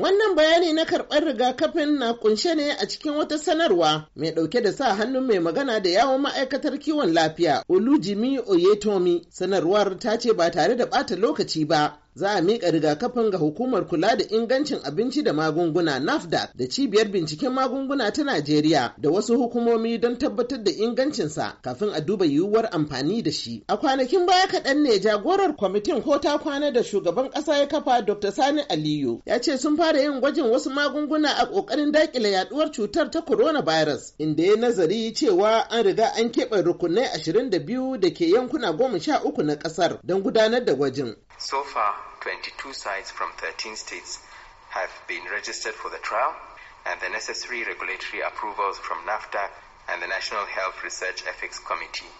Wannan bayani na karɓar rigakafin na kunshe ne a cikin wata sanarwa mai ɗauke da sa hannun mai magana da yawon ma'aikatar kiwon lafiya Olujimi Oyetomi. Sanarwar ta ce ba tare da ɓata lokaci ba. za a miƙa rigakafin ga hukumar kula da ingancin abinci da magunguna nafda da cibiyar binciken magunguna ta Najeriya da wasu hukumomi don tabbatar da ingancinsa kafin a duba yiwuwar amfani da shi. A kwanakin baya kaɗan ne jagorar kwamitin ko ta kwana da shugaban ƙasa ya kafa Dr. Sani Aliyu ya ce sun fara yin gwajin wasu magunguna a ƙoƙarin daƙile yaduwar cutar ta coronavirus inda ya nazari cewa an riga an keɓe rukunai ashirin da biyu da ke yankuna goma sha uku na ƙasar don gudanar da gwajin. So far, 22 sites from 13 states have been registered for the trial, and the necessary regulatory approvals from NAFTA and the National Health Research Ethics Committee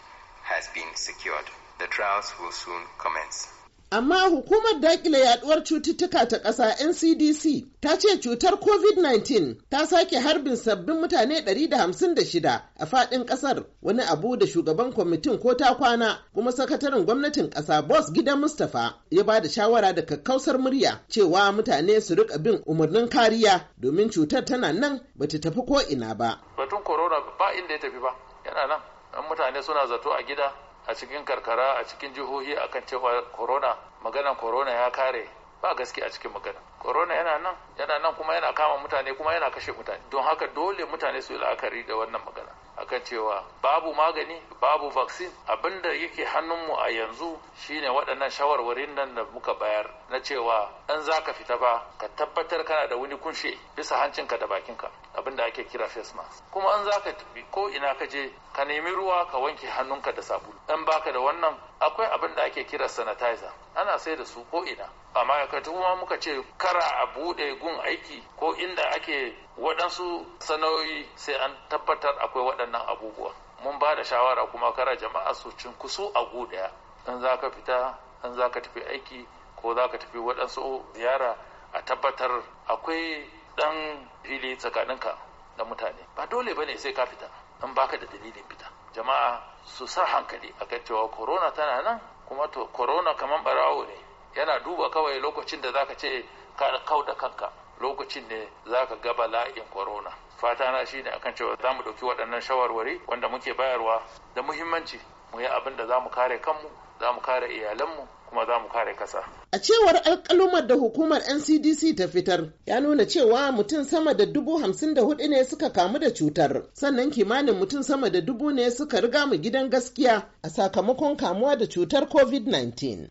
has been secured. The trials will soon commence. Amma hukumar dakile yaduwar cututtuka ta ƙasa NCDC ta ce cutar COVID-19 ta sake harbin sabbin mutane 156 a faɗin ƙasar wani abu da shugaban kwamitin ko ta kwana kuma sakataren gwamnatin ƙasa Bos Gidan Mustapha ya ba da shawara da kakkausar murya cewa mutane su rika bin umarnin kariya domin cutar tana nan bata tafi ko ina ba. Batun corona ba inda ya tafi ba yana nan mutane suna zato a gida a cikin karkara a cikin jihohi akan cewa corona maganan corona ya kare ba gaske a cikin magana corona yana nan yana nan kuma yana kama mutane kuma yana kashe mutane don haka dole mutane su yi la'akari da wannan magana akan cewa babu magani babu vaccine abinda yake hannunmu a yanzu shine waɗannan shawarwarin nan da muka bayar na cewa in za ka fita ba ka tabbatar kana da wani kunshe bisa hancinka da bakinka abinda ake kira face mask kuma in za ka tafi ko ina ka je ka nemi ruwa ka wanke hannunka da sabulu in baka da wannan akwai abinda ake kira sanitizer ana sai da su ko ina A ka kuma muka ce kara a bude gun aiki ko inda ake waɗansu sanayoyi sai an tabbatar akwai waɗannan abubuwa mun ba da shawara kuma kara jama'a su cinkusu a gu ɗaya in za ka fita in za ka tafi aiki ko za ka tafi waɗansu ziyara a tabbatar akwai ɗan fili tsakaninka da mutane ba dole ba ne sai ka fita in baka da dalilin fita jama'a su sa hankali a cewa corona tana nan kuma to corona kamar ɓarawo ne yana duba kawai lokacin da zaka ce ka kau da kanka lokacin ne zaka gaba bala'in korona. fata na shine akan cewa za mu ɗauki waɗannan shawarwari wanda muke bayarwa da muhimmanci mu yi abin da za mu kare kanmu za mu kare iyalanmu kuma za mu kare kasa. A cewar alkalumar da hukumar NCDC ta fitar ya nuna cewa mutum sama da dubu hamsin da hudu ne suka kamu da cutar sannan kimanin mutum sama da dubu ne suka riga mu gidan gaskiya a sakamakon kamuwa da cutar COVID-19.